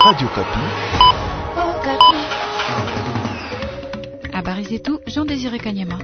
Radio Kapi. Habari zetu Jean Désiré Kanyama.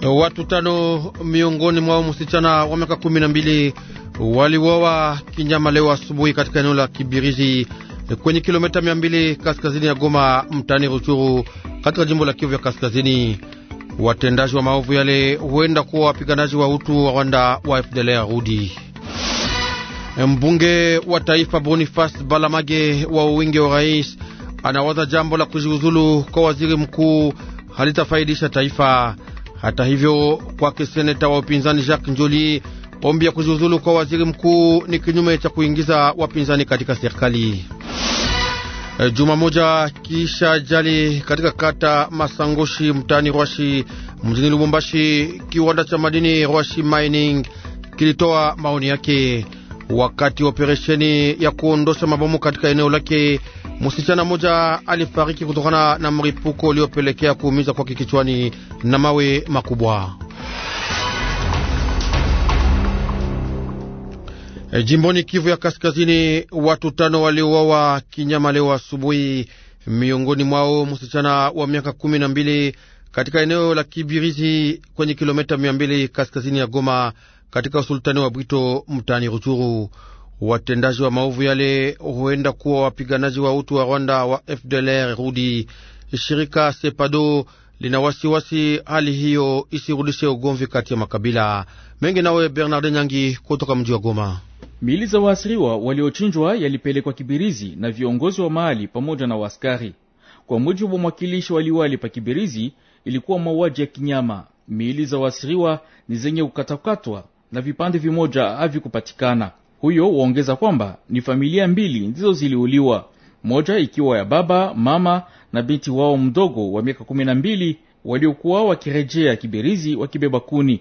Watu tano miongoni mwao msichana wa miaka kumi na mbili waliuawa kinyama leo asubuhi katika eneo la Kibirizi kwenye kilomita mia mbili kaskazini ya Goma mtani Ruchuru katika jimbo la Kivu ya Kaskazini. Watendaji wa maovu yale huenda kuwa wapiganaji wa utu wa Rwanda wa FDLR rudi. Mbunge wa taifa Boniface Balamage wa uwingi wa rais anawaza jambo la kujiuzulu kwa waziri mkuu halitafaidisha taifa. Hata hivyo, kwake seneta wa upinzani Jacques Njoli, ombi ya kujiuzulu kwa waziri mkuu ni kinyume cha kuingiza wapinzani katika serikali. Eh, juma moja kisha ajali katika kata Masangoshi mtaani Rwashi mjini Lubumbashi, kiwanda cha madini Rwashi Mining kilitoa maoni yake wakati wa operesheni ya kuondosha mabomu katika eneo lake. Msichana moja alifariki kutokana na mripuko uliopelekea kuumiza kwake kichwani na mawe makubwa. Eh, jimboni Kivu ya Kaskazini, watu tano waliuawa kinyama leo asubuhi, miongoni mwao msichana wa miaka kumi na mbili katika eneo la Kibirizi kwenye kilomita mia mbili kaskazini ya Goma katika usultani wa Bwito mtaani Ruchuru. Watendaji wa maovu yale huenda kuwa wapiganaji wa utu wa Rwanda wa FDLR rudi. Shirika Sepado lina wasiwasi hali hiyo isirudishe ugomvi kati ya makabila mengi. Nawe Bernard Nyangi kutoka mji wa Goma. Miili za waasiriwa waliochinjwa yalipelekwa Kibirizi na viongozi wa mahali pamoja na waskari Kwa mujibu wa mwakilishi wa liwali pa Kibirizi, ilikuwa mauaji ya kinyama. Miili za waasiriwa ni zenye kukatakatwa na vipande vimoja havikupatikana. Huyo waongeza kwamba ni familia mbili ndizo ziliuliwa, moja ikiwa ya baba, mama na binti wao mdogo wa miaka kumi na mbili waliokuwa wakirejea Kibirizi wakibeba kuni.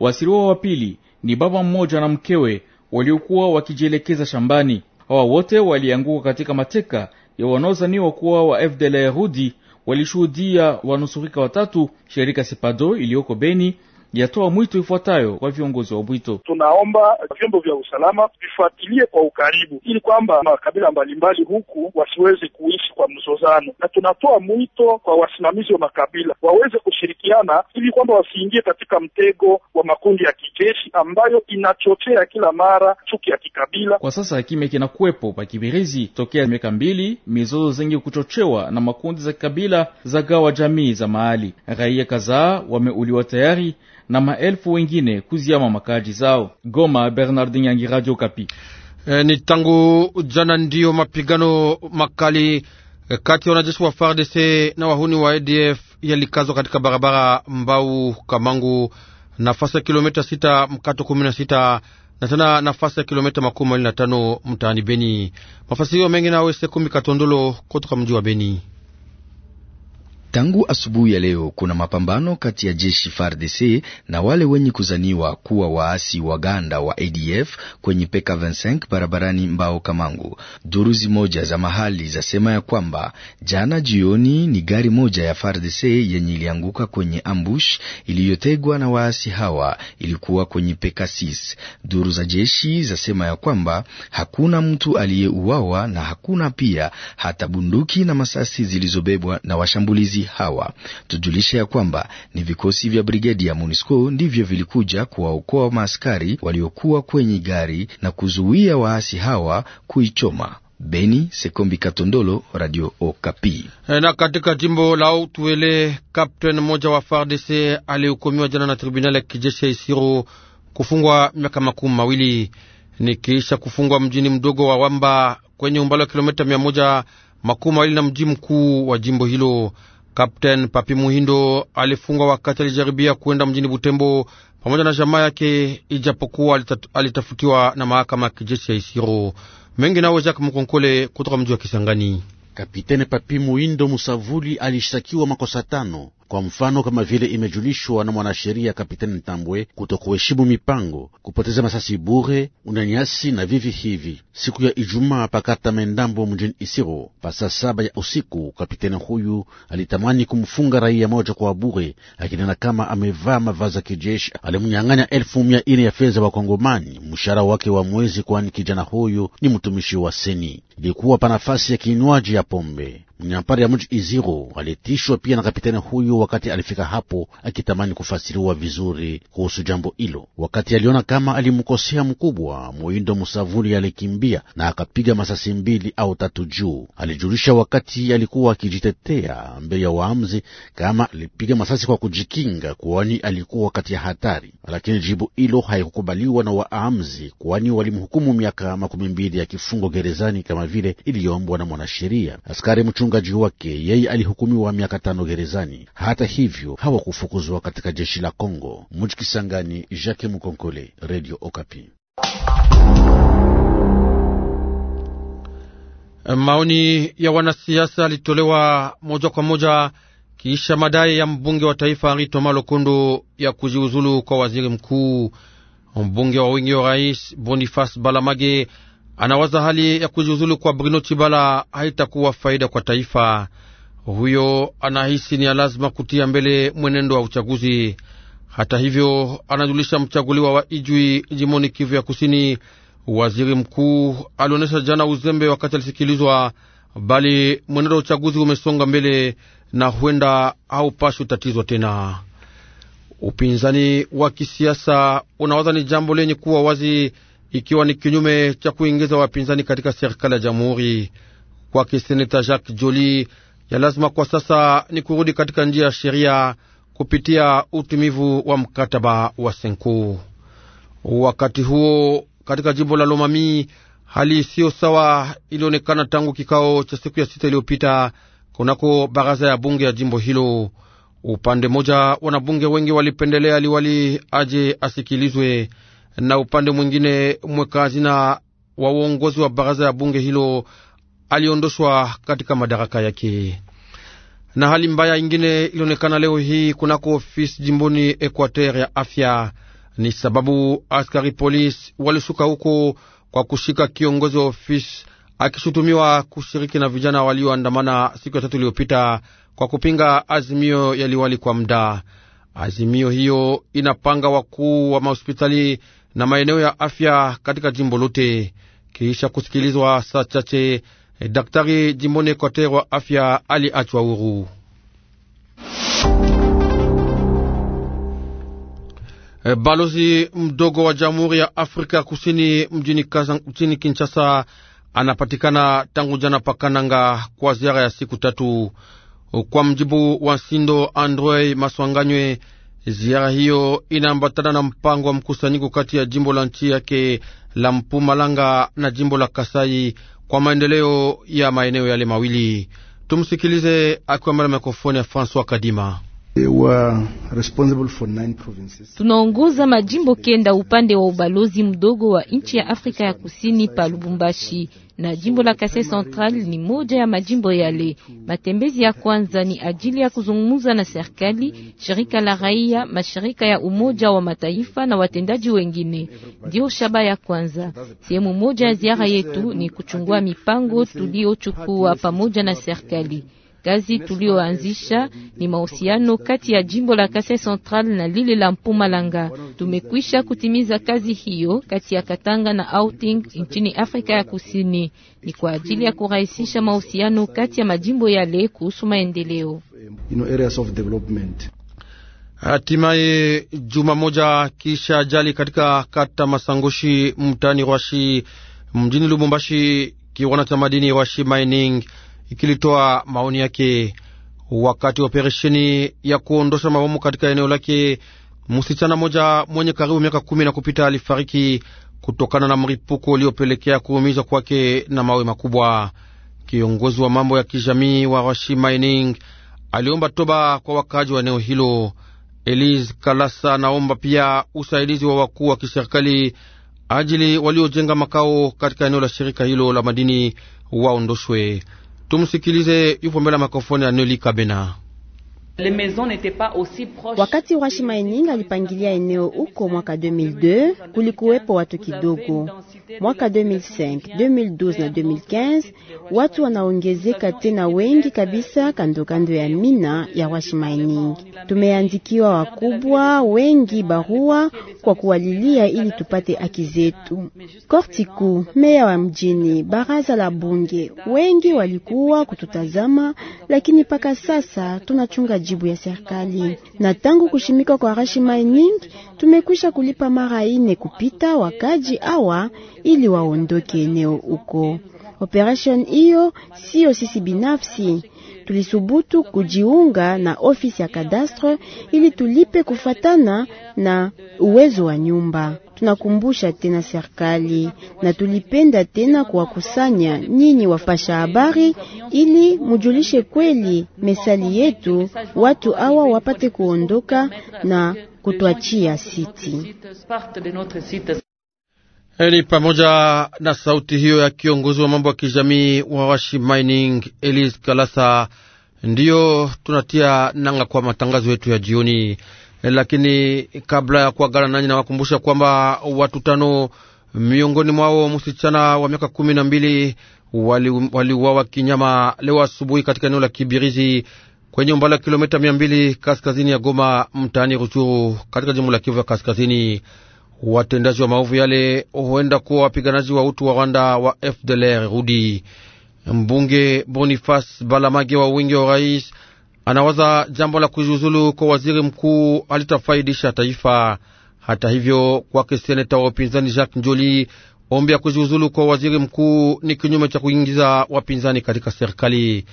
Waasiriwa wa pili ni baba mmoja na mkewe waliokuwa wakijielekeza shambani. Hawa wote walianguka katika mateka ya wanaozaniwa kuwa wa FDLR rudi walishuhudia wanusurika watatu. Shirika Sepado iliyoko Beni yatoa mwito ifuatayo kwa viongozi wa Bwito. Tunaomba vyombo vya usalama vifuatilie kwa ukaribu, ili kwamba makabila mbalimbali huku wasiweze kuishi kwa mzozano, na tunatoa mwito kwa wasimamizi wa makabila waweze kushirikiana, ili kwamba wasiingie katika mtego wa makundi ya kijeshi ambayo inachochea kila mara chuki ya kikabila. Kwa sasa kimya kinakuwepo pa Kibirizi tokea miaka mbili, mizozo zingi kuchochewa na makundi za kikabila za gawa jamii za mahali. Raia kadhaa wameuliwa tayari na maelfu wengine kuziama makaji zao. Goma, Bernard Nyangi, Radio Kapi. E, ni tangu jana ndiyo mapigano makali e, kati ya wanajeshi wa FARDC na wahuni wa ADF yalikazwa katika barabara Mbau Kamangu, nafasi ya kilomita sita mkato kumi na sita na tena nafasi ya kilomita makumi mawili na tano mtaani Beni. Mafasi hiyo mengi nawe Sekumi Katondolo kutoka mji wa Beni. Tangu asubuhi ya leo kuna mapambano kati ya jeshi FARDC na wale wenye kuzaniwa kuwa waasi Waganda wa ADF kwenye peka 25 barabarani Mbao Kamangu. Duruzi moja za mahali zasema ya kwamba jana jioni ni gari moja ya FARDC yenye ilianguka kwenye ambush iliyotegwa na waasi hawa, ilikuwa kwenye peka 6. Duru za jeshi zasema ya kwamba hakuna mtu aliyeuawa na hakuna pia hata bunduki na masasi zilizobebwa na washambulizi viongozi hawa. Tujulishe ya kwamba ni vikosi vya brigedi ya MONUSCO ndivyo vilikuja kuwaokoa maaskari waliokuwa kwenye gari na kuzuia waasi hawa kuichoma. Beni Sekombi Katondolo, Radio Okapi. E, na katika jimbo la Utuele, kapteni mmoja wa FARDC alihukumiwa jana na tribunali ya kijeshi ya Isiro kufungwa miaka makumi mawili nikiisha kufungwa mjini mdogo wa Wamba kwenye umbali wa kilomita mia moja makumi mawili na mji mkuu wa jimbo hilo. Kapten Papi Muhindo alifungwa wakati alijaribia kwenda mjini Butembo pamoja na jamaa yake, ijapokuwa alitafutiwa na mahakama ya kijeshi ya Isiro. Mengi nawe Jacques Mukonkole kutoka mji wa Kisangani. Kapitene Papi Muhindo Musavuli alishtakiwa makosa tano kwa mfano kama vile imejulishwa na mwanasheria Kapitani Ntambwe, kutokuheshimu mipango, kupoteza masasi bure, unyanyasi na vivi hivi. Siku ya Ijumaa pakata Mendambo mjini Isiro saa saba ya usiku, kapitani huyu alitamani kumfunga raia moja kwa bure, akinena kama amevaa mavazi ya kijeshi. Alimnyang'anya elfu mia ine ya fedha wa Kongomani, mshahara wake wa mwezi, kwani kijana huyu ni mtumishi wa seni. Ilikuwa pa nafasi ya kinywaji ya pombe Nyampari ya mji Iziro alitishwa pia na kapitani huyu wakati alifika hapo akitamani kufasiriwa vizuri kuhusu jambo hilo. Wakati aliona kama alimkosea mkubwa, muindo Musavuli alikimbia na akapiga masasi mbili au tatu juu. Alijulisha wakati alikuwa akijitetea mbele ya waamzi kama alipiga masasi kwa kujikinga, kwani alikuwa kati ya hatari, lakini jibu hilo haikukubaliwa na waamzi, kwani walimhukumu miaka makumi mbili ya kifungo gerezani kama vile iliyoombwa na mwanasheria askari mchungu mchungaji wake, yeye alihukumiwa miaka tano gerezani. Hata hivyo hawakufukuzwa katika jeshi la Kongo. Mujikisangani, Jacques Mukonkole, Radio Okapi. Maoni ya wanasiasa alitolewa moja kwa moja kisha madai ya mbunge wa taifa Henri Thomas Lokondo ya kujiuzulu kwa waziri mkuu. Mbunge wa wingi wa rais Boniface Balamage anawaza hali ya kujiuzulu kwa Bruno Chibala haitakuwa faida kwa taifa. Huyo anahisi ni lazima kutia mbele mwenendo wa uchaguzi. Hata hivyo, anajulisha mchaguliwa wa Ijwi jimoni Kivu ya Kusini, waziri mkuu alionyesha jana uzembe wakati alisikilizwa, bali mwenendo wa uchaguzi umesonga mbele na huenda haupashwi tatizwa tena. Upinzani wa kisiasa unawaza ni jambo lenye kuwa wazi ikiwa ni kinyume cha kuingiza wapinzani katika serikali ya jamhuri. Kwake seneta Jacques Joli, ya lazima kwa sasa ni kurudi katika njia ya sheria kupitia utumivu wa mkataba wa senku Wakati huo katika jimbo la Lomami hali isiyo sawa ilionekana tangu kikao cha siku ya sita iliyopita kunako baraza ya bunge ya jimbo hilo. Upande mmoja, wanabunge wengi walipendelea liwali aje asikilizwe na upande mwingine mwekazina wa uongozi wa baraza ya bunge hilo aliondoshwa katika madaraka yake. Na hali mbaya ingine ilionekana leo hii kunako ofisi jimboni Equateur ya afya, ni sababu askari polisi walishuka huko kwa kushika kiongozi wa ofisi akishutumiwa kushiriki na vijana walioandamana siku ya tatu iliyopita kwa kupinga azimio yaliwali kwa muda. Azimio hiyo inapanga wakuu wa mahospitali na maeneo ya afya katika jimbo lote. Kisha kusikilizwa saa chache, eh, daktari jimboni Ekwater wa afya aliachwa huru. Eh, balozi mdogo wa Jamhuri ya Afrika Kusini mjini, Kazan, Kinshasa anapatikana tangu jana pakananga kwa ziara ya siku tatu, kwa mjibu wa Sindo Andrei Maswanganywe. Ziara hiyo inaambatana na mpango wa mkusanyiko kati ya jimbo la nchi yake la Mpumalanga na jimbo la Kasai kwa maendeleo ya maeneo yale mawili. Tumsikilize akiwa mbele ya mikrofoni ya François Kadima. Tunaongoza majimbo kenda upande wa ubalozi mdogo wa nchi ya Afrika ya Kusini pa Lubumbashi, na jimbo la Kasai Central ni moja ya majimbo yale. Matembezi ya kwanza ni ajili ya kuzungumza na serikali, shirika la raia, mashirika ya Umoja wa Mataifa na watendaji wengine. Ndio shaba ya kwanza. Sehemu moja ya ziara yetu ni kuchungua mipango tuliochukua pamoja na serikali. Kazi tulioanzisha ni mahusiano kati ya jimbo la Kasai Central na lile la Mpumalanga. Tumekwisha kutimiza kazi hiyo kati ya Katanga na Outing nchini Afrika ya Kusini, ni kwa ajili ya kurahisisha mahusiano kati ya majimbo yale kuhusu maendeleo. Hatimaye, juma moja kisha ajali katika kata Masangoshi mtani Rwashi mjini Lubumbashi, kiwanda cha madini Rwashi Mining kilitoa maoni yake wakati wa operesheni ya kuondosha mabomu katika eneo lake. Msichana mmoja mwenye karibu miaka kumi na kupita alifariki kutokana na mripuko uliopelekea kuumizwa kwake na mawe makubwa. Kiongozi wa mambo ya kijamii wa Rashi Mining aliomba toba kwa wakaaji wa eneo hilo. Elise Kalasa anaomba pia usaidizi wa wakuu wa kiserikali ajili waliojenga makao katika eneo la shirika hilo la madini waondoshwe. Tumsikilize, yupo mbele ya makofoni ya Neli Kabena. Wakati Rwashi Maininga alipangilia eneo uko mwaka 2002 kulikuwepo watu kidogo, mwaka 2005, 2012 na 2015 watu wanaongezeka tena wengi kabisa kando kando ya mina ya Mining. Tumeandikiwa wakubwa wengi barua kwa kuwalilia ili tupate haki zetu. Korti kuu, meya wa mjini, baraza la bunge, wengi walikuwa kututazama, lakini mpaka sasa tunachunga jibu ya serikali na tangu kushimika kwa Mining Tumekwisha kulipa mara ine kupita wakaji awa ili waondoke eneo huko. Operation hiyo siyo sisi binafsi tulisubutu kujiunga na ofisi ya kadastre ili tulipe kufatana na uwezo wa nyumba. Tunakumbusha tena serikali na tulipenda tena kuwakusanya nyinyi wapasha habari ili mujulishe kweli mesali yetu, watu awa wapate kuondoka na kutuachia siti. Ni pamoja na sauti hiyo ya kiongozi wa mambo ya kijamii wa Washi Mining Elise Kalasa. Ndiyo tunatia nanga kwa matangazo yetu ya jioni, lakini kabla ya kuagana nanyi, nawakumbusha kwamba watu tano miongoni mwao msichana wa miaka kumi na mbili waliuawa wali kinyama leo asubuhi katika eneo la Kibirizi kwenye umbali wa kilomita mia mbili kaskazini ya Goma, mtaani Ruchuru, katika jimbo la Kivu ya Kaskazini. Watendaji wa maovu yale huenda kuwa wapiganaji wa utu wa Rwanda wa FDLR rudi. Mbunge Bonifas Balamage wa wingi wa urais anawaza jambo la kujiuzulu kwa waziri mkuu alitafaidisha taifa. Hata hivyo, kwake seneta wa upinzani Jacques Njoli, ombi ya kujiuzulu kwa waziri mkuu ni kinyume cha kuingiza wapinzani katika serikali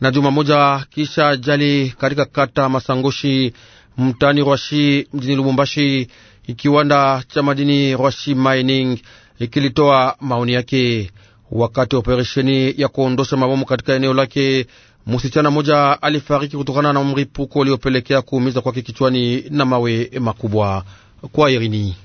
na juma moja kisha ajali katika kata Masangoshi mtani Rwashi mjini Lubumbashi. Kiwanda cha madini Rwashi Mining ikilitoa maoni yake wakati operesheni ya kuondosha mabomu katika eneo lake. Msichana moja alifariki kutokana na mripuko uliopelekea kuumiza kwake kichwani na mawe makubwa kwa Irini.